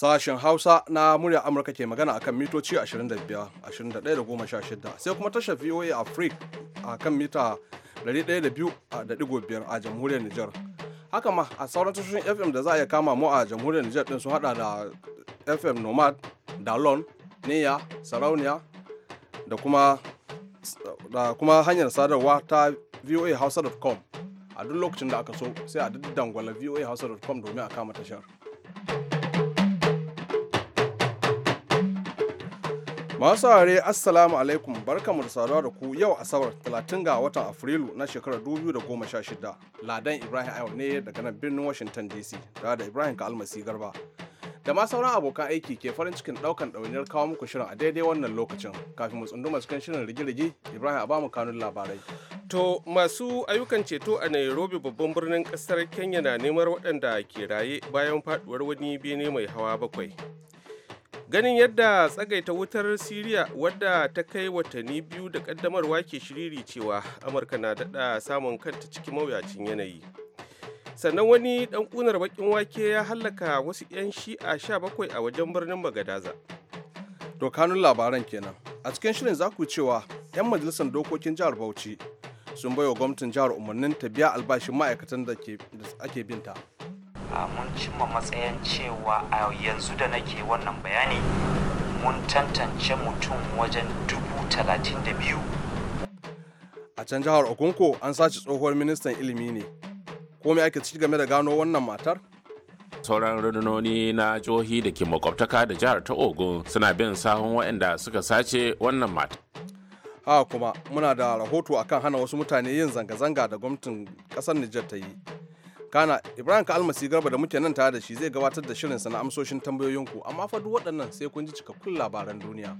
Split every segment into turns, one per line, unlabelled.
Sashen Hausa na murya Amurka ke magana akan mitoci 25, 21 sai kuma tashar VOA Africa a kan mita 102.5 a jamhuriyar Nijar. Haka ma a sauran tashoshin FM da za a iya kama mu a jamhuriyar Nijar din sun hada da FM Nomad, Dalon, Niya, Sarauniya da kuma da kuma hanyar sadarwa ta hausa.com a duk lokacin da aka so sai a dangwala hausa.com domin a kama tashar. Masu saurare Assalamu alaikum barkamu da saduwa da ku yau Asabar talatin ga watan Afrilu na shekarar 2016. Ladan Ibrahim Ayo ne daga nan birnin Washington DC tare da Ibrahim ka almasi garba. Da ma sauran abokan aiki ke farin cikin daukan dauniyar kawo muku shirin a daidai wannan lokacin kafin mu tsunduma cikin shirin rigi-rigi Ibrahim a bamu kanun labarai. To masu ayyukan ceto a Nairobi babban birnin kasar Kenya na neman waɗanda
ke raye bayan faduwar wani bene mai hawa bakwai. ganin yadda tsagaita wutar siriya wadda ta kai watanni biyu da kaddamarwa ke shiriri cewa amurka na daɗa samun kanta cikin mawuyacin yanayi sannan wani ɗan ƙunar baƙin wake ya hallaka wasu 'yan shi'a sha bakwai a wajen birnin magadaza
Dokanun labaran kenan a cikin shirin za ku cewa 'yan majalisar dokokin jihar bauchi sun baiwa gwamnatin jihar umarnin ta biya albashin ma'aikatan da ake binta
Ah, mun cimma matsayin cewa a yanzu da nake wannan bayani mun tantance mutum wajen dubu talatin da biyu
a can jihar okunko an sace tsohuwar ministan ilimi ne ko me ake ci game da gano wannan matar
sauran rundunoni na jihohi da ke makwabtaka da jihar ta ogun suna bin sahun waɗanda suka sace wannan matar
haka kuma muna da rahoto akan hana wasu mutane yin zanga-zanga da gwamnatin ƙasar nijar ta yi kana ibrahim ka almasi garba da muke nan tare da shi zai gabatar da shirinsa na amsoshin tambayoyinku amma fa duk waɗannan sai kun ji cikakkun labaran duniya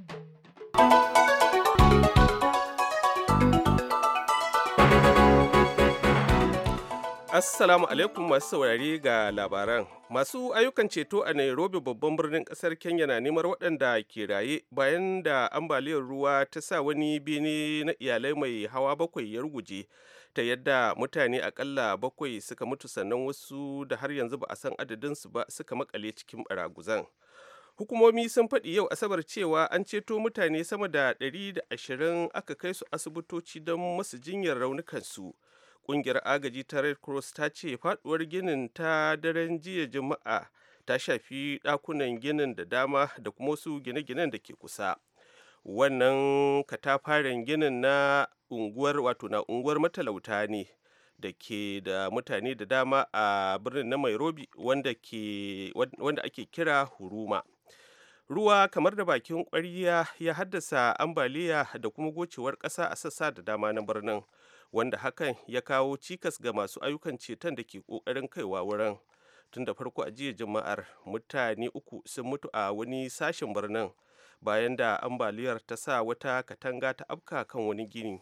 assalamu alaikum masu saurari ga labaran masu ayyukan ceto a nairobi babban birnin kasar kenya na neman waɗanda ke raye bayan da ambaliyar ruwa ta sa wani bene na iyalai mai hawa bakwai ya ruguje ta yadda mutane akalla bakwai suka mutu sannan wasu da har yanzu ba a san su ba suka makale cikin baraguzan hukumomi sun faɗi yau asabar cewa an ceto mutane sama da 120 aka kai su asibitoci don masu jinyar raunukan su ƙungiyar agaji ta red cross ta ce faɗuwar ginin ta daren jiya juma'a ta shafi ɗakunan ginin da dama da kuma wasu gine-ginen da ke kusa wannan katafaren ginin na unguwar wato na unguwar matalauta ne da ke da mutane da dama a birnin na Nairobi wanda, ke, ake kira Huruma. Ruwa kamar da bakin ƙwarya ya haddasa ambaliya da kuma gocewar kasa a sassa da dama na birnin wanda hakan ya kawo cikas ga masu ayyukan ceton da ke kokarin kaiwa wurin. Tun da farko a jiya jama'ar mutane uku sun mutu a wani sashen birnin. bayan da ambaliyar ta sa wata katanga ta afka kan wani gini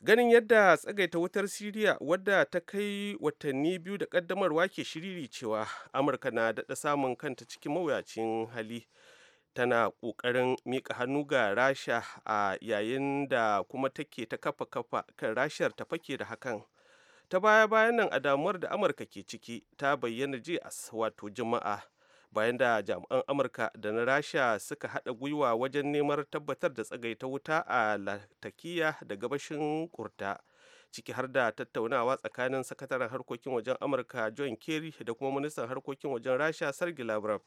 ganin yadda tsagaita wutar siriya wadda ta kai watanni biyu da kaddamarwa ke shiriri cewa amurka na daɗa samun kanta cikin mawuyacin hali tana ƙoƙarin miƙa hannu ga rasha a yayin da kuma take ta kafa kafa kan rashar ta fake da hakan ta baya bayan nan a damuwar da amurka ke ciki ta bayyana ji wato juma'a bayan da jami'an amurka da na rasha suka hada gwiwa wajen neman tabbatar da tsagaita wuta a latakiya da gabashin kurta ciki har da tattaunawa tsakanin sakataren harkokin wajen amurka john kerry da kuma ministan harkokin wajen rasha sergei lavrov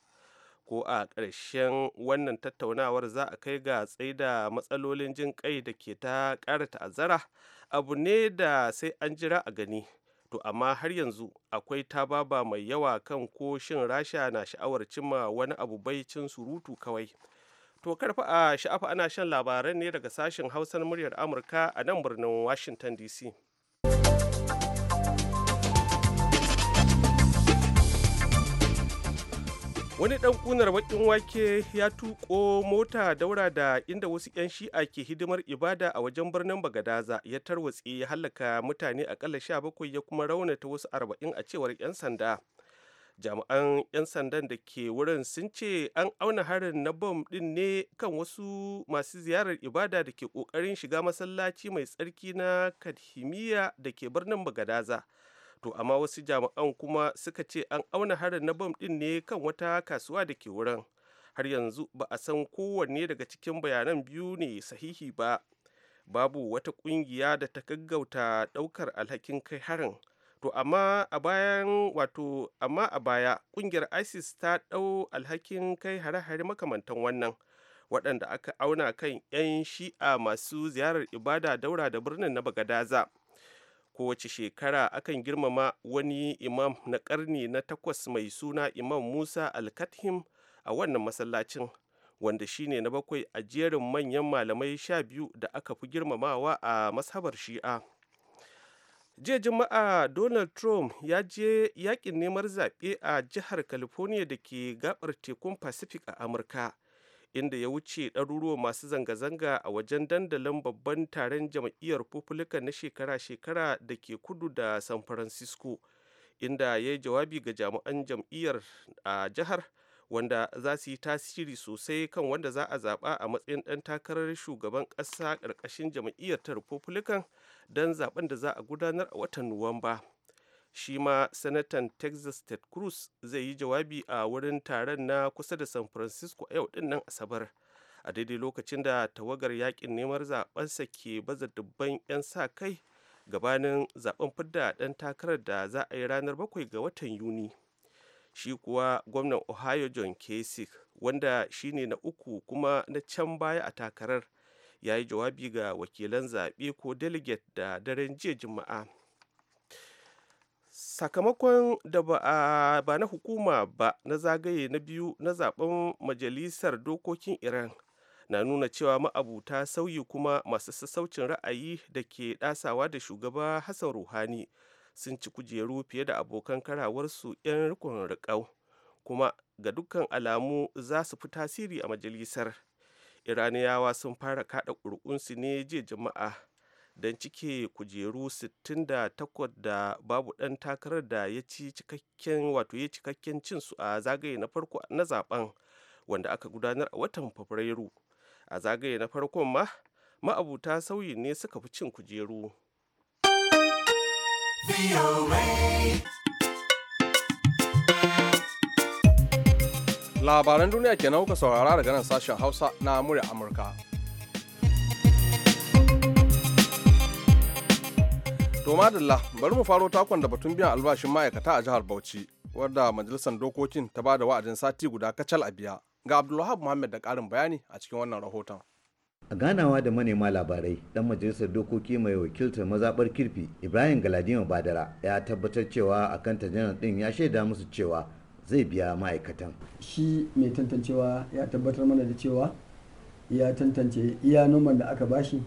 ko a ƙarshen wannan tattaunawar za a kai ga tsaida matsalolin jin kai da ke ta ƙara ta'azzara abu ne da sai an jira a gani to amma har yanzu akwai tababa mai yawa kan ko shin rasha na sha'awar cimma wani abu bai cin surutu kawai to karfa a sha'afa ana shan labaran ne daga sashen hausar muryar amurka a nan birnin washington dc wani dan kunar bakin wake ya tuko mota daura da inda wasu 'yan shi'a ke hidimar ibada a wajen birnin bagadaza ya tarwatse ya hallaka mutane akalla 17 ya kuma raunata wasu 40 a cewar 'yan sanda jami'an 'yan sandan da ke wurin sun ce an auna harin na bom din ne kan wasu masu ziyarar ibada da ke kokarin shiga masallaci mai tsarki na kadhimiya da ke birnin bagadaza to amma wasu jami'an kuma suka ce an auna harin na bom ɗin ne kan wata kasuwa da ke wurin har yanzu ba a san kowanne daga cikin bayanan biyu ne sahihi ba babu wata kungiya da ta gaggauta daukar alhakin kai harin to amma a bayan wato amma a baya kungiyar isis ta dau alhakin kai hare-hare makamantan wannan waɗanda aka auna kan 'yan shi'a masu ziyarar ibada daura da birnin na bagadaza kowace shekara akan girmama wani imam na ƙarni na takwas mai suna imam musa alkathim a wannan masallacin wanda shine na bakwai a jerin manyan malamai sha biyu da aka fi girmamawa a mashabar shi'a jiya juma'a donald trump ya je yakin neman zaɓe a jihar california da ke gabar tekun pacific a amurka inda ya wuce ɗaruruwa masu zanga-zanga a wajen dandalin babban taron jam'iyyar Republican na shekara-shekara da ke kudu da San Francisco, inda ya yi jawabi ga jami'an jam'iyyar a jihar wanda za su yi tasiri sosai kan wanda za a zaɓa a matsayin ɗan takarar shugaban ƙasa ƙarƙashin jam'iyyar ta Republican don zaɓen da za a gudanar a watan Nuwamba. shi ma sanatan texas ted cruz zai yi jawabi a wurin taron na kusa da san francisco yau din nan asabar a daidai lokacin da tawagar yakin neman zabensa ke baza dubban 'yan sa kai gabanin zaben fidda ɗan takarar da za a yi ranar bakwai ga watan yuni shi kuwa gwamnan ohio john kasich wanda shi ne na uku kuma na can baya a takarar ya yi jawabi ga wakilan zaɓe ko delegate da daren jiya juma'a sakamakon da ba na hukuma ba na zagaye na biyu na zaben majalisar dokokin iran na nuna cewa ma'abuta sauyi kuma masu sassaucin ra'ayi da ke ɗasawa da shugaba hassan ruhani sun ci kujeru fiye da abokan karawarsu 'yan rikon riƙau kuma ga dukkan alamu za su fi tasiri a majalisar iraniyawa sun fara kaɗa ƙuri'unsu ne jiya jama'a don cike kujeru 68 da babu dan takarar da ya ci cikakken wato ya cikakken su a zagaye na farko na zaben wanda aka gudanar a watan fabrairu a zagaye na farko ma ma'abuta sauyi ne suka fi cin
kujeru labaran duniya kenan kuka saurara daga nan sashen hausa na murya amurka To madalla bari mu faro takon da batun biyan albashin ma'aikata a jihar Bauchi wadda majalisar dokokin ta ba da wa'adin sati guda kacal a biya. Ga Abdulwahab Muhammad da ƙarin bayani a cikin wannan rahoton.
a ganawa da manema labarai dan majalisar dokoki mai wakiltar mazabar kirfi ibrahim galadima badara ya tabbatar cewa a kan janar din ya shaida musu cewa zai biya ma'aikatan
shi mai tantancewa ya tabbatar mana da cewa ya tantance iya noman da aka bashi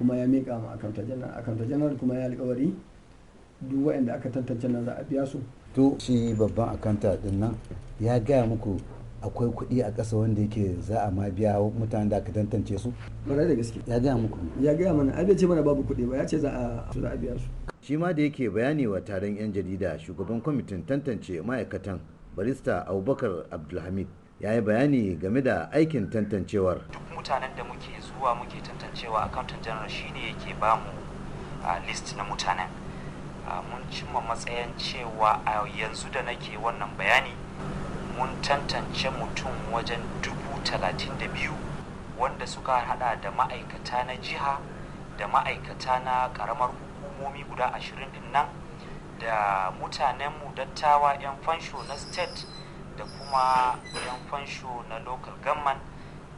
kuma ya miƙa ma akanta janar akanta janar kuma ya alƙawari duk waɗanda aka tantance nan za a biya su
to shi babban akanta din nan ya gaya muku akwai kuɗi a ƙasa wanda yake za a ma biya mutanen da aka tantance su bare da gaske ya gaya muku ya gaya mana ai bai ce mana babu
kuɗi ba ya ce za a za a biya su
shi ma da yake bayani wa taron yan jarida shugaban kwamitin tantance ma'aikatan barista abubakar abdulhamid ya yi bayani game da aikin tantancewar
duk mutanen da muke zuwa muke tantancewa accountant general shine yake bamu a list na mutanen mun cimma matsayin cewa a yanzu da nake wannan bayani mun tantance mutum wajen dubu talatin da biyu wanda suka hada da ma'aikata na jiha da ma'aikata na karamar hukumomi guda ashirin din nan da mutanenmu dattawa 'yan fansho na state da kuma 'yan fansho na local gamman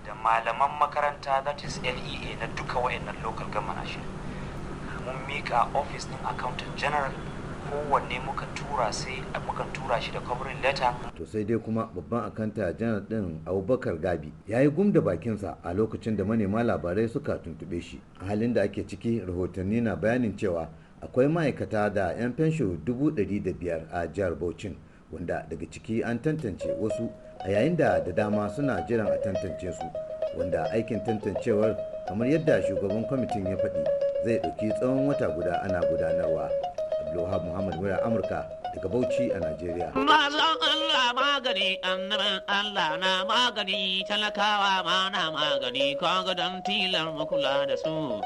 da malaman makaranta that is lea na duka wayannan local gamman ashirin mun mika office din accountant general kowanne muka tura sai muka tura shi da covering letter
to sai dai kuma babban akanta janar din abubakar gabi ya yi gum da bakinsa a lokacin da manema labarai suka tuntube shi a halin da ake ciki rahotanni na bayanin cewa akwai ma'aikata da 'yan fensho 500 a jihar bauchin wanda daga ciki an tantance wasu a yayin da da dama suna jiran a tantance su wanda aikin tantancewar kamar yadda shugaban kwamitin ya faɗi zai ɗauki tsawon wata guda ana gudanarwa abdulwahab muhammad mura amurka daga bauchi a nigeria
magani annaban allah na magani talakawa ma na magani kaga don tilar makula da su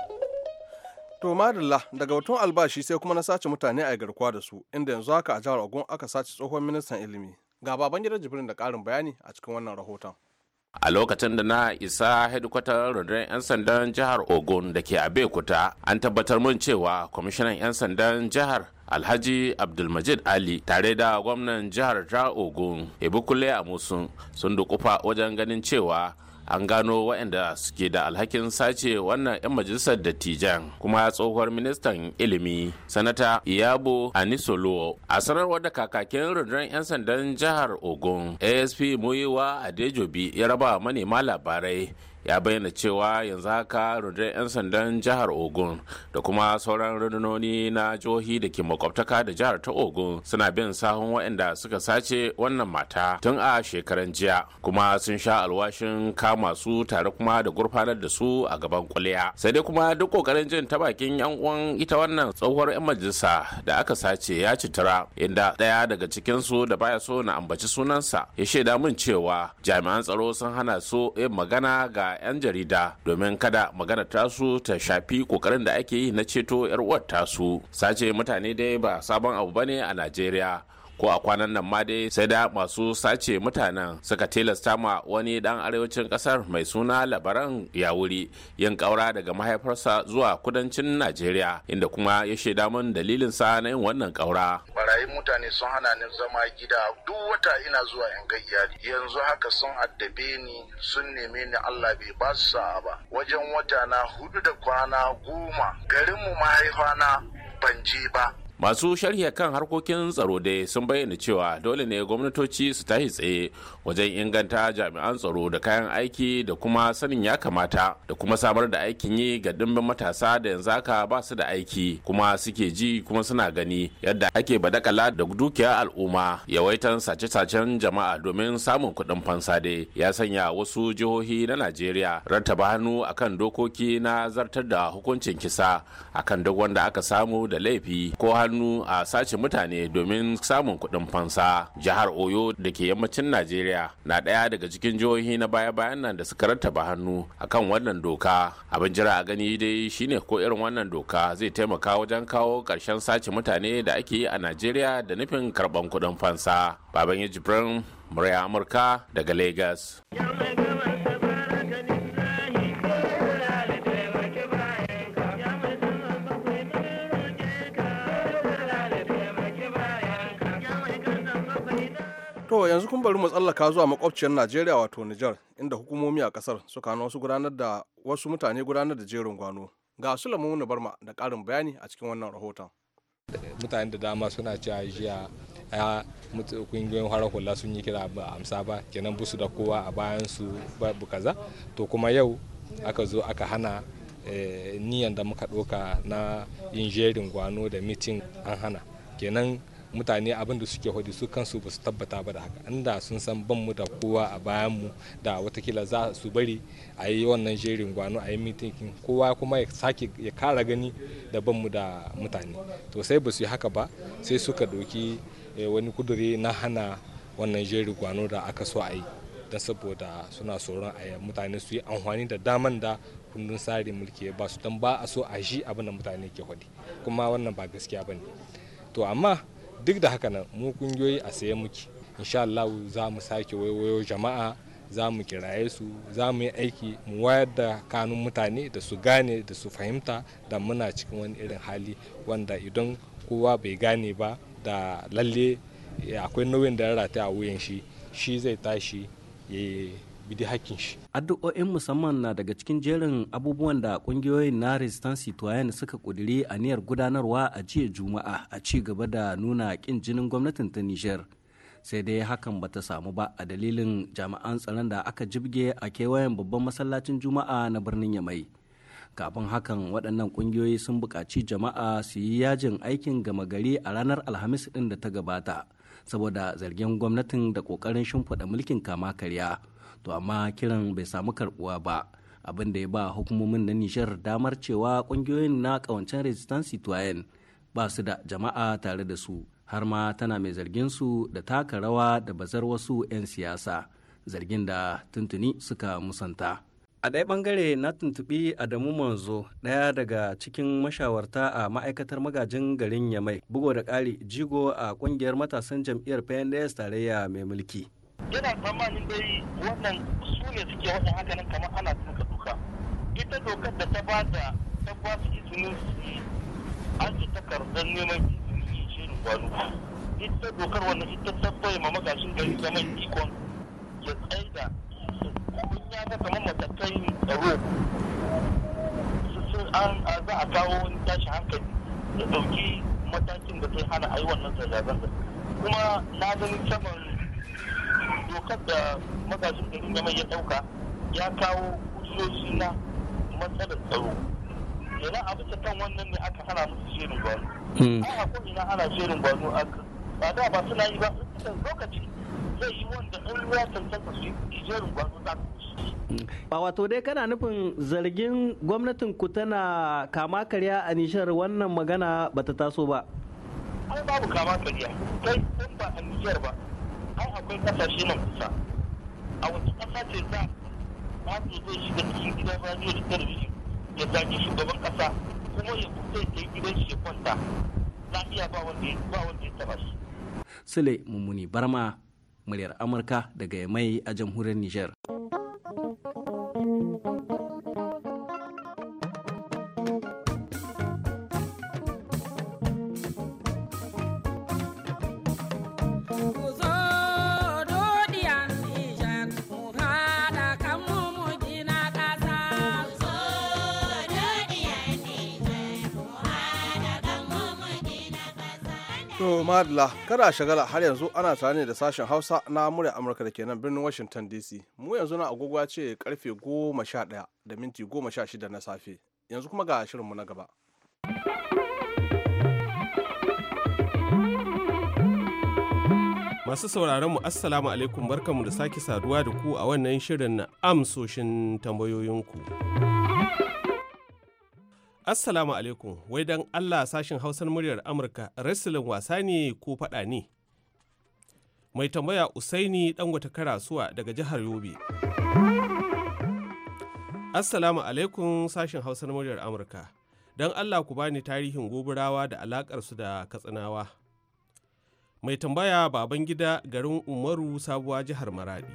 To madalla daga batun albashi sai kuma na sace mutane a garkuwa da su inda yanzu haka a jihar Ogun aka sace tsohon ministan ilimi. Ga baban gidan Jibrin da karin bayani a cikin wannan rahoton.
a lokacin da na isa hedikwatar rundunar 'yan sandan jihar ogun da ke kuta an tabbatar mun cewa kwamishinan 'yan sandan jihar alhaji abdulmajid ali tare da gwamnan jihar ta ogun ibukule amusun sun dukufa wajen ganin cewa an gano waɗanda suke da alhakin sace wannan 'yan majalisar dattijan kuma tsohuwar ministan ilimi sanata iyabo anisolo a sanarwar da kakakin rundunar 'yan sandan jihar ogun asp muyiwa adejobi ya raba manema labarai ya bayyana cewa yanzu haka rundunar 'yan sandan jihar ogun da kuma sauran rundunoni na jihohi da ke makwabtaka da jihar ta ogun suna bin sahun waɗanda suka sace wannan mata tun a shekaran jiya kuma sun sha alwashin kama su tare kuma da gurfanar da su a gaban kwalliya. sai dai kuma duk kokarin jin ta bakin yan uwan ita wannan tsohuwar 'yan majalisa da aka sace ya citara inda ɗaya daga cikinsu da baya so na ambaci sunansa ya shaida min cewa jami'an tsaro sun hana su yin magana ga 'yan jarida domin kada magana tasu ta shafi kokarin da ake yi na ceto 'yar uwar tasu sace mutane dai ba sabon abu bane a najeriya ko a kwanan nan ma dai sai da masu sace mutanen suka tilasta ma wani dan arewacin kasar mai suna labaran ya wuri yin kaura daga mahaifarsa zuwa kudancin najeriya inda kuma ya shaida min dalilin sa na yin wannan kaura
barayin mutane sun hana ni zama gida duk wata ina zuwa in ga iyali yanzu haka sun addabe ni sun neme ni allah bai ba su sa'a ba wajen wata na hudu da kwana goma garinmu mu mahaifana ban
je ba masu sharhiya kan harkokin tsaro dai sun bayyana cewa dole ne gwamnatoci su tashi tsaye wajen inganta jami'an tsaro da kayan aiki da kuma sanin ya kamata da kuma samar da aikin yi ga dimbin matasa da yanzu haka ba su da aiki kuma suke ji kuma suna gani yadda ake badakala da dukiyar al'umma yawaitan sace-sacen jama'a domin samun kuɗin fansa dai ya sanya wasu jihohi na najeriya rattaba hannu akan dokoki na zartar da hukuncin kisa akan duk wanda aka samu da laifi ko har hannu a sace mutane domin samun kuɗin fansa jihar oyo da ke yammacin najeriya na ɗaya daga cikin jihohi na baya-bayan nan da suka rattaba hannu akan wannan doka abin jira a gani dai shine ko irin wannan doka zai taimaka wajen kawo karshen sace mutane da ake yi a najeriya da nufin karɓan kuɗin fansa baban ya jibrin murya amurka daga lagos
To yanzu kun bari mu tsallaka zuwa makwabciyar Najeriya wato Nijar inda hukumomi a kasar suka hana wasu gudanar da wasu mutane gudanar da jerin gwano. Ga su bar Barma da ƙarin bayani a cikin wannan rahoton.
mutane da dama suna cewa jiya ya kungiyoyin harar hula sun yi kira ba amsa ba kenan busu da kowa a bayan su babu kaza to kuma yau aka zo aka hana eh, niyan da muka ɗauka na yin jerin gwano da mitin an hana kenan mutane abin da suke sukan su kansu ba su tabbata ba da haka inda sun san ban mu da kowa a bayan mu da watakila za su bari a yi wannan jerin gwano a yi mitinkin kowa kuma ya sake ya kara gani da ban mu da mutane to sai ba su yi haka ba sai suka doki eh, wani kuduri na hana wannan jerin gwano da aka so a yi don saboda suna tsoron a mutane su yi amfani da daman da kundin tsarin mulki ba su don ba a so a shi abin da mutane ke hudu kuma wannan ba gaskiya ba ne to amma duk da haka nan mu kungiyoyi a saye muke insha Allah za mu sake waiwayo jama'a za mu kiraye su za mu yi aiki mu wayar da kanun mutane da su gane da su fahimta da muna cikin wani irin hali wanda idan kowa bai gane ba da lalle akwai nauyin da ya rataya a wuyan shi shi zai tashi ya bidi hakkin shi.
Addu'o'in musamman na daga cikin jerin abubuwan da kungiyoyin na Resistance Citoyen suka a aniyar gudanarwa a jiya Juma'a a ci gaba da nuna kin jinin gwamnatin ta niger Sai dai hakan bata samu ba a dalilin jami'an tsaron da aka jibge a kewayen babban masallacin Juma'a na birnin Yamai. Kafin hakan waɗannan ƙungiyoyi sun buƙaci jama'a su yi yajin aikin gama gari a ranar Alhamis ɗin da ta gabata, saboda zargin gwamnatin da ƙoƙarin shimfiɗa mulkin kama karya. to amma kiran bai samu karbuwa ba abin da ya ba hukumomin na nishar damar cewa kungiyoyin na kawancen resistance citoyen ba su da jama'a tare da su har ma tana mai zargin su da taka rawa da bazar wasu 'yan siyasa zargin da tuntuni suka musanta a ɗaya bangare na tuntubi adamu manzo ɗaya daga cikin mashawarta a ma'aikatar magajin garin yamai bugo da ƙari jigo a ƙungiyar matasan jam'iyyar pnds tarayya mai mulki
yana tsammanin dai wannan su ne suke wajen haka nan kamar ana ka duka ita dokar da ta ba da ta ba su izinin su an ci takardar neman izinin shirin gwanu ita dokar wannan ita ta bai ma magashin gari zaman ikon ya da kuma ya ga kamar matakai tsaro sun an za a kawo wani tashi hankali da dauki matakin da zai hana a yi wannan zanga kuma na ganin saman dokar da magajin garin yamai ya ɗauka ya kawo hujjoji na matsalar tsaro yana a bisa kan wannan ne aka hana musu shirin gwano hmm. ai a ko ina ana shirin gwano ba da ba suna yi ba sun lokaci zai yi wanda in ruwa tantanta su yi jerin gwano za su
hmm. ba wato dai kana nufin zargin gwamnatin ku tana kama karya a nishar wannan magana bata taso ba
ai babu kama karya kai in ba a nishar ba ai akwai kasashe na kusa a wata kasa ce za babu zai shiga cikin gidan radio da talabijin ya zage shugaban kasa kuma ya kusa ya kai gidan shi ya kwanta lafiya ba wanda ba wanda ya taba shi
sule mummuni barma muryar amurka daga mai a jamhuriyar nijar.
To madala kada shagala har yanzu ana tare ne da sashen Hausa na murya Amurka da kenan birnin Washington DC. Mu yanzu na agogo ce karfe goma sha ɗaya da minti goma sha shida na safe. Yanzu kuma ga shirinmu na gaba.
Masu sauraron mu Assalamu alaikum barkanmu da sake saduwa da ku a wannan shirin na amsoshin tambayoyinku. Assalamu alaikum, wai don Allah sashin hausar muryar Amurka, rasulun wasa ne ko faɗa ne? Mai tambaya Usaini wata Karasuwa daga jihar Yobe. Assalamu alaikum sashin hausar muryar Amurka. Don Allah ku bani tarihin goburawa da alaƙarsu da katsinawa. Mai tambaya baban gida garin Umaru sabuwa jihar Maradi.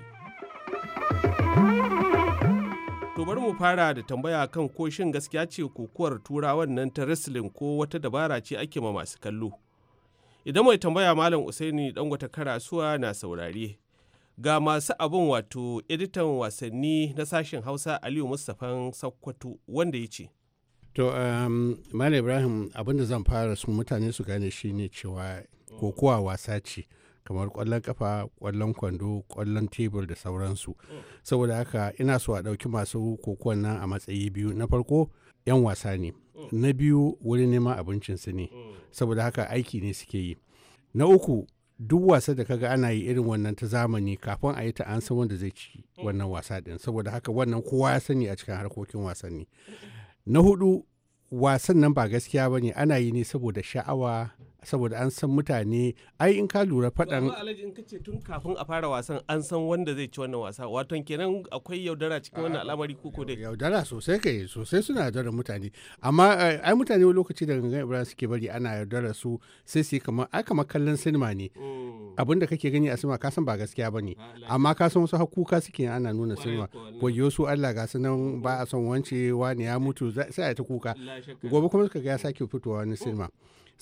To bari mu fara da tambaya kan ko shin gaskiya ce kokuwar turawan nan ta wrestling ko wata dabara ce ake ma masu kallo. Idan mai tambaya Malam Usaini dan wata karasuwa na saurare. Ga masu abin wato editan wasanni na sashen Hausa Aliyu mustafan Sakkwato wanda ya ce.
To, um, Malam Ibrahim abinda zan fara su mutane su gane shine cewa kokowa wasa ce. kamar kwallon kafa kwallon kwando kwallon tebur da sauransu mm. saboda haka ina so a ɗauki masu kokuwan nan a matsayi biyu na farko 'yan wasa ne mm. na biyu wurin neman abincinsu ne mm. saboda haka aiki ne suke yi na uku duk wasa da kaga ana yi irin wannan ta zamani kafin a yi ta an san wanda zai ci wannan wasa din saboda haka wannan kowa ya sani a cikin harkokin wasanni na hudu wasan nan ba gaskiya bane ana yi ne saboda sha'awa saboda an san mutane ai in ka lura faɗan
in kace tun kafin a fara wasan an san wanda zai ci wannan wasa wato kenan akwai yaudara cikin wannan
ah, al'amari ko dai yaudara sosai kai sosai suna yaudara mutane amma eh, ai mutane wani lokaci daga gangan ibrahim suke bari ana yaudara su sai su kamar ai kamar kallon sinima ne mm. abin da kake gani a sinima ka san ba gaskiya ba ne amma ka san wasu hakuka suke ana nuna sinima goyo su Allah ga sunan ba a son wance wani ya mutu sai a ta kuka gobe kuma suka ga ya sake fitowa wani sinima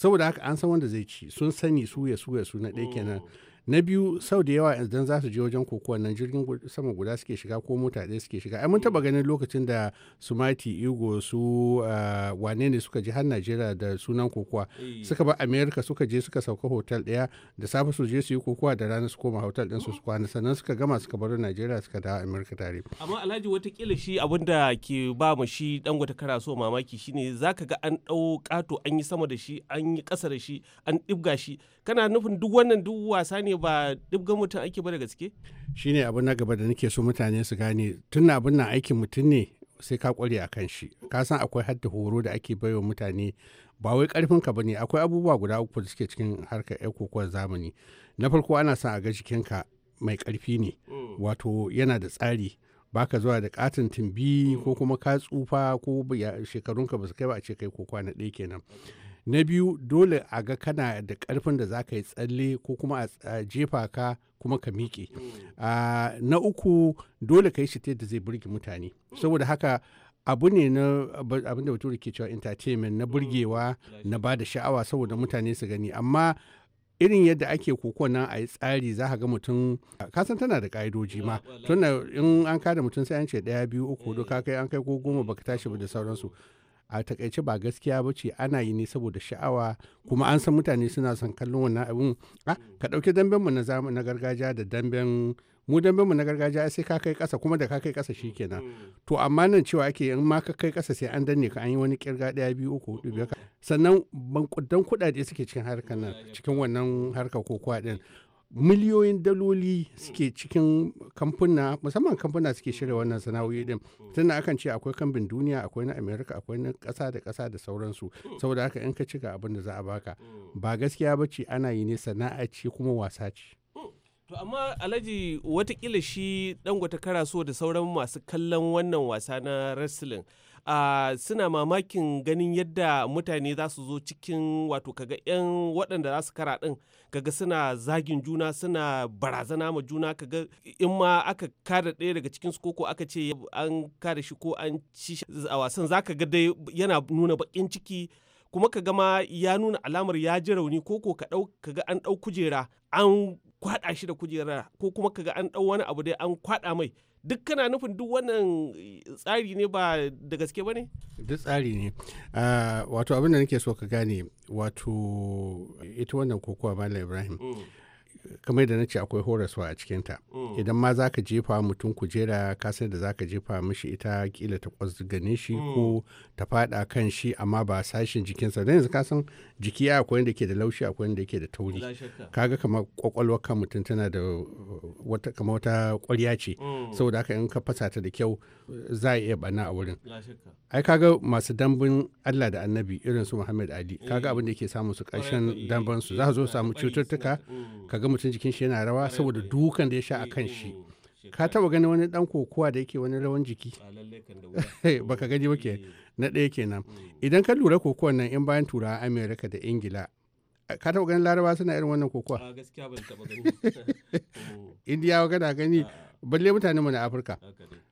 saboda haka an san wanda zai ci sun sani su ya su ya su na ɗaya kenan mm. na biyu sau da yawa idan za su je wajen kokowa nan jirgin sama guda suke shiga ko mota ɗaya suke shiga ai mun taba ganin lokacin da su mati igo su ah, wane ne suka je har najeriya da sunan kokowa eh. suka ba america suka je suka sauka hotel ɗaya da safe su je su yi kokowa da rana su koma hotel ɗin su kwana sannan suka gama suka baro najeriya suka dawo america tare
amma alhaji watakila shi abin da ke ba mu shi dan wata kara so mamaki shine zaka ga an ɗau ƙato an yi sama da shi an yi ƙasa da shi an ɗibga shi kana nufin duk wannan duk wasa ne ba ga mutum ake ba da gaske
shine abin na gaba da nake so mutane su gane tun abin na aikin mutum ne sai ka kware a kan shi ka san akwai hadda horo da ake baiwa mutane ba wai karfin ka bane akwai abubuwa guda uku da suke cikin harkar ƴar kokowar zamani na farko ana son a ga ka mai karfi ne mm. wato yana da tsari baka zuwa da katin tumbi mm. ko kuma ka tsufa ko shekarunka ba su kai ba a ce kai ko kwana ɗaya kenan na biyu dole a ga kana da karfin da za ka yi tsalle ko kuma a jefa ka kuma ka miƙe hmm. ah, na uku dole ka yi shi da zai burge mutane saboda haka abu ne na abin da bature ke cewa entertainment na burgewa hmm. na ba da sha'awa saboda mutane su gani amma irin yadda ake nan a yi tsari za ga mutum kasan tana da ka'idoji ma tunda in an kada mutum sai an ce daya biyu uku duka kai an kai ko goma baka tashi ba da sauransu a takaice ba gaskiya ba ce ana yi ne saboda sha'awa kuma an san mutane suna son kallon wannan abin ah, ka ɗauki damben mu na gargajiya da damben mu damben na gargajiya sai ka kai ƙasa kuma da ka kai ƙasa shikenan mm. to amma nan cewa ake in ma ka kai ƙasa sai an danne ka an yi wani kirga ɗaya biyu uku hudu biyar sannan ban kuɗaɗe suke cikin harkar nan mm. cikin wannan harkar kokowa ɗin miliyoyin daloli suke cikin kamfuna musamman kamfuna suke shirya wannan sana'o'i din tunda akan ce akwai kambin duniya akwai na america akwai na kasa da kasa da sauransu saboda haka in ka ci ga abin da za a baka ba gaskiya ba ce ana yi ne sana'a ce kuma wasa ce
to amma alhaji watakila shi dangote so da sauran masu kallon wannan wasa na wrestling suna mamakin ganin yadda mutane za su zo cikin wato kaga 'yan waɗanda za su kara ɗin kaga suna zagin juna suna barazana ma juna kaga in ma aka kada ɗaya daga cikin su koko aka ce an kada shi ko an ci a wasan ka ga dai yana nuna baƙin ciki kuma ka gama ya nuna alamar ya ji rauni ko ko ka ga an ɗau kujera an kwaɗa shi da kujera ko kuma ka an ɗau wani abu dai an kwaɗa mai duk kana nufin duk wannan eh, tsari ne ba da gaske ba ne?
duk tsari ne ah, wato abin da nake so ka gane wato ita wannan kokowa malam ibrahim mm. kamar da na ce akwai horaswa a cikinta mm. idan ma za ka jefa mutum kujera ka san da za ka jefa mishi ita kila ta kwas shi mm. ko ta fada kan shi amma ba sashin jikinsa don yanzu ka san jiki akwai da ke da laushi akwai wanda ke da tauri kaga kamar kwakwalwar kan mutum tana da uh, wata kamar wata kwarya ce mm. saboda haka in ka fasa ta da kyau za a iya bana a wurin ai kaga masu dambun Allah da Annabi irin su Muhammad Ali kaga abin da yake samu su ƙarshen eh, dambansu za su zo eh, samu cututtuka kaga mutum jikin shi yana rawa saboda dukan da ya sha eh, a kan shi ka taba gani wani dan kokowa da yake wani rawan jiki eh, baka gani ba ke na ɗaya kenan eh. idan ka lura kokowan nan in bayan turawa amerika da ingila ka taɓa gani laraba suna irin wannan kokowa indiyawa gana gani balle mutane mu na afirka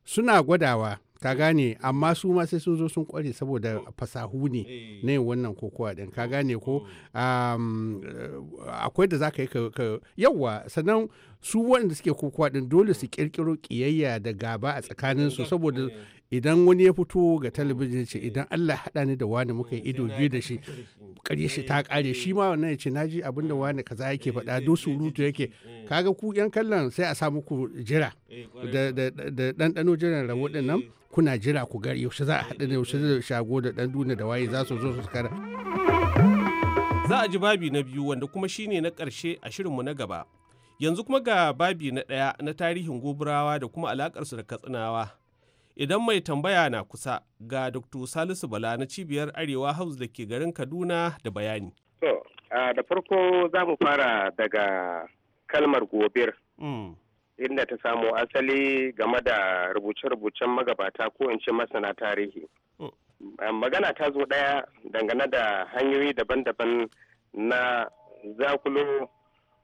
suna gwadawa ka gane amma su ma sai sun zo sun kware saboda fasahu ne eh. na yin wannan kokowa din ka gane ko mm. eh, akwai da za ka yi ka yawa sannan su waɗanda suke kokowa din dole su kirkiro kiyayya da gaba a tsakanin su saboda eh. idan wani ya fito ga talabijin ce idan Allah haɗa ni da wani muka yi ido biyu da shi ƙarye shi ta ƙare shi ma wannan ya ce ji abin da mm. wani kaza yake faɗa do surutu yake kaga ku yan kallon sai a sa muku jira da ɗanɗano jiran rabo ɗin nan kuna jira ku ga yaushe za a haɗu da yaushe da shago da ɗan duniya da waye za su zo su kara.
Za a ji babi na biyu wanda kuma shine na ƙarshe a shirinmu na gaba. Yanzu kuma ga babi na ɗaya na tarihin goburawa da kuma alaƙarsu da katsinawa. Idan mai tambaya na kusa ga Dr. Salisu Bala na cibiyar Arewa House da ke garin Kaduna da bayani.
da farko za mu fara daga kalmar gobir. Mm. inda ta samo asali game da rubuce-rubucen magabata ko in ce masana tarihi. Hmm. Ah, magana ta zo ɗaya dangane da hanyoyi daban-daban na zakulo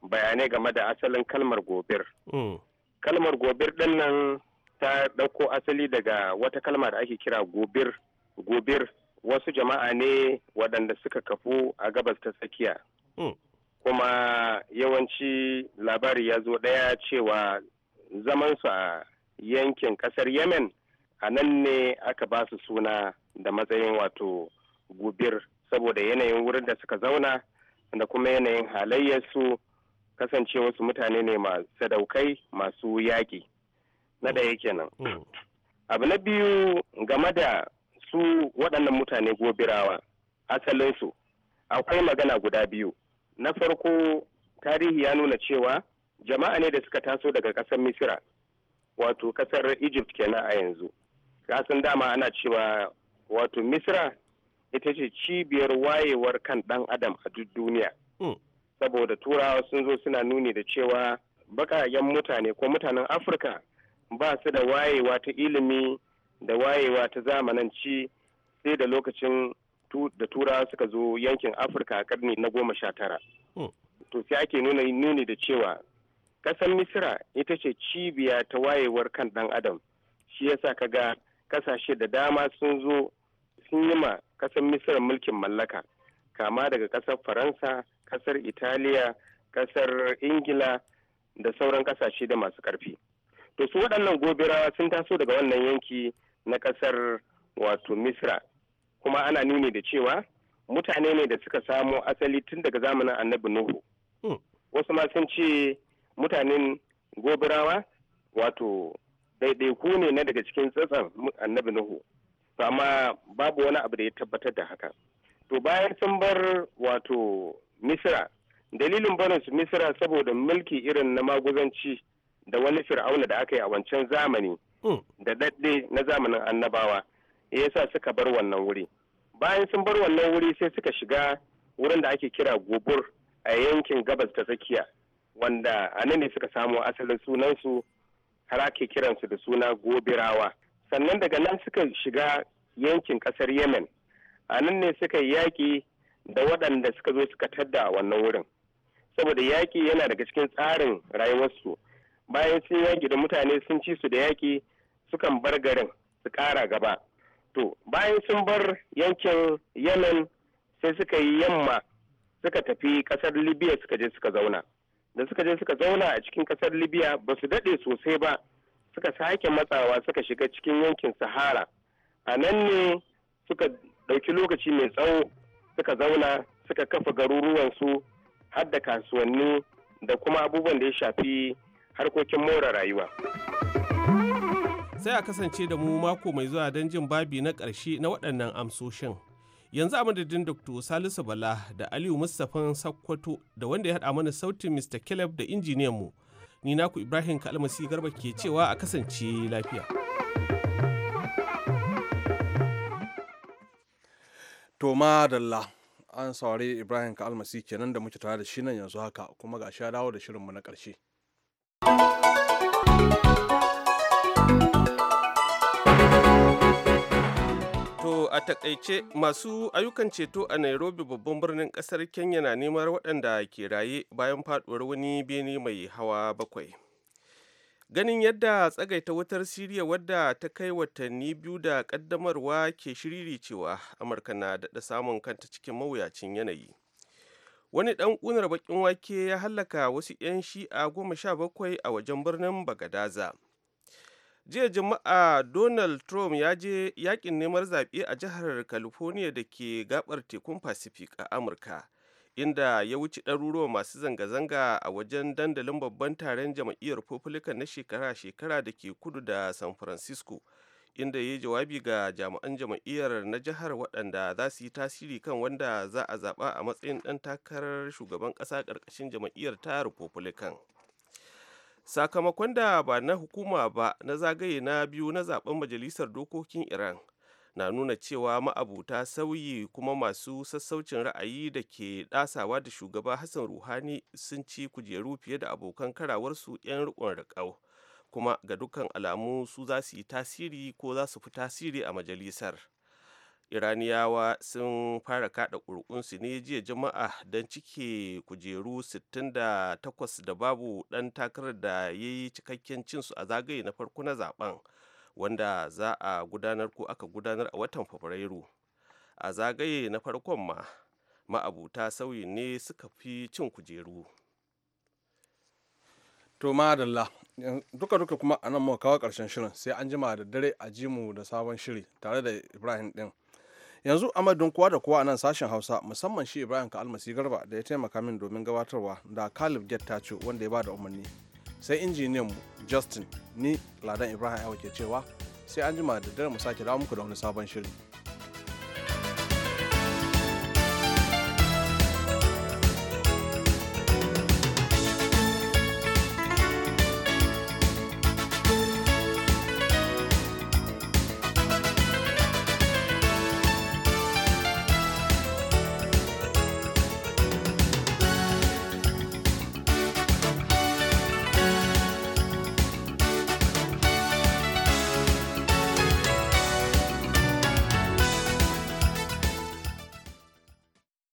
bayanai game da asalin kalmar gobir. Hmm. Kalmar gobir ɗin nan ta ɗauko asali daga wata kalma da ake kira gobir, gobir wasu jama'a ne waɗanda suka kafu a gabas ta tsakiya. Hmm. kuma yawanci labari ya zo ɗaya cewa zamansu a yankin ƙasar yemen a nan ne aka ba su suna da matsayin wato gubir saboda yanayin wurin da suka zauna da kuma yanayin halayyarsu kasance wasu mutane ne masu sadaukai masu yaƙi na ɗaya kenan mm. Mm. abu na biyu game da su waɗannan mutane gobirawa asalinsu akwai magana guda biyu na farko tarihi ya nuna cewa jama'a ne da suka taso daga kasar misira wato ƙasar egypt kenan a yanzu kasan dama ana cewa wato misira ita ce cibiyar wayewar kan dan adam a duk duniya hmm. saboda turawa sun zo suna nuni da cewa bakayen mutane ko mutanen afirka ba su da wayewa ta ilimi da wayewa ta zamananci sai da lokacin da turawa suka zo yankin afirka a karni na goma sha tara hmm. to sai ake nuna nuni da cewa ƙasar misira ita ce cibiya ta wayewar kan ɗan adam shi yasa ka ga ƙasashe da dama sun zo sun yi ma ƙasar misira mulkin mallaka kama daga ƙasar faransa ƙasar italiya ƙasar ingila da sauran ƙasashe da masu ƙarfi to su waɗannan gobirawa sun taso daga wannan yanki na ƙasar wato misira kuma ana nuni da cewa mutane ne da suka samo asali tun daga zamanin annabi nuhu hmm. wasu ma sun ce mutanen gobirawa wato daidaiku ne na daga cikin tsatsar annabi nuhu to amma babu wani abu da ya tabbatar da haka to bayan sun bar wato misira dalilin barin su misira saboda mulki irin na maguzanci da wani fir'auna da aka yi a wancan zamani hmm. da daɗe na zamanin annabawa yasa suka bar wannan wuri bayan sun bar wannan wuri sai suka shiga wurin da ake kira gobur a yankin gabas ta tsakiya wanda a nan ne suka samu asalin sunansu har ake kiransu da suna gobirawa sannan daga nan suka shiga yankin kasar yemen a nan ne suka yi yaƙi da waɗanda suka zo suka tadda a wannan wurin saboda yaƙi yana daga cikin tsarin rayuwarsu bayan sun yaƙi da mutane sun ci su da yaƙi sukan bar garin su ƙara gaba To bayan sun bar yankin Yemen sai suka yi yamma suka tafi kasar Libya suka je suka zauna. Da suka je suka zauna a cikin kasar Libya ba su daɗe sosai ba suka sake matsawa suka shiga cikin yankin Sahara. A nan ne suka ɗauki lokaci mai tsawo suka zauna suka kafa garuruwansu har da kasuwanni da kuma abubuwan da ya shafi harkokin more rayuwa.
sai a kasance da mu mako mai zuwa don jin babi na ƙarshe na waɗannan amsoshin. Yanzu a madadin Dr. Salisu Bala da Aliyu Mustapha Sakkwato da wanda ya haɗa mana sautin Mr. Caleb da injiniyan mu. Ni naku Ibrahim Kalmasi Garba ke cewa a kasance lafiya.
To madalla an saurari Ibrahim Kalmasi kenan da muke tare da shi nan yanzu haka kuma ga sha dawo da shirinmu na ƙarshe.
a takaice masu ayyukan ceto a Nairobi babban birnin kasar Kenya na neman waɗanda ke raye bayan faduwar wani bene mai hawa bakwai. Ganin yadda tsagaita wutar Siriya wadda ta kai watanni biyu da ƙaddamarwa ke shiriri cewa Amurka na daɗa samun kanta cikin mawuyacin yanayi. Wani ɗan ƙunar baƙin wake ya hallaka wasu 'yan shi a goma sha bakwai a wajen birnin Bagadaza. jiya juma'a donald trump ya je yakin neman zaɓe a jihar california da ke gabar tekun pacific a amurka inda ya wuce ɗaruruwa masu zanga-zanga a wajen dandalin babban taron jam'iyyar republican na shekara-shekara da ke kudu da san francisco inda ya yi jawabi ga jami'an jam'iyyar na jihar waɗanda za su yi tasiri kan wanda za a zaɓa a matsayin ɗan takarar shugaban ƙasa ƙarƙashin jam'iyyar ta republican sakamakon da ba na hukuma ba na zagaye na biyu na zaben majalisar dokokin iran na nuna cewa ma'abuta sauyi kuma masu sassaucin ra'ayi da ke dasawa da shugaba hassan ruhani sun ci kujeru fiye da abokan karawarsu 'yan rikon rikau kuma ga dukkan alamu su za su yi tasiri ko za su fi tasiri a majalisar iraniyawa sun fara kada kurkunsu ne jiya jama'a don cike kujeru 68 da babu dan takarar da ya yi cikakken cinsu a zagaye na farko na zaben wanda za a gudanar ko aka gudanar a watan fabrairu a zagaye na farkon ma ma'abuta sauyi ne suka fi cin kujeru
to madalla duka duka kuma anan mu kawo karshen shirin sai an jima da dare a jimu da sabon shiri tare da ibrahim din yanzu amadun kowa da kowa a nan sashen hausa musamman shi ibrahim ka almasi garba da ya taimaka min domin gabatarwa da kalib jet tacho wanda ya ba da umarni sai injiniyan mu justin ni ladan ibrahim ya ke cewa sai an jima da dare mu sake dawo muku da wani sabon shiri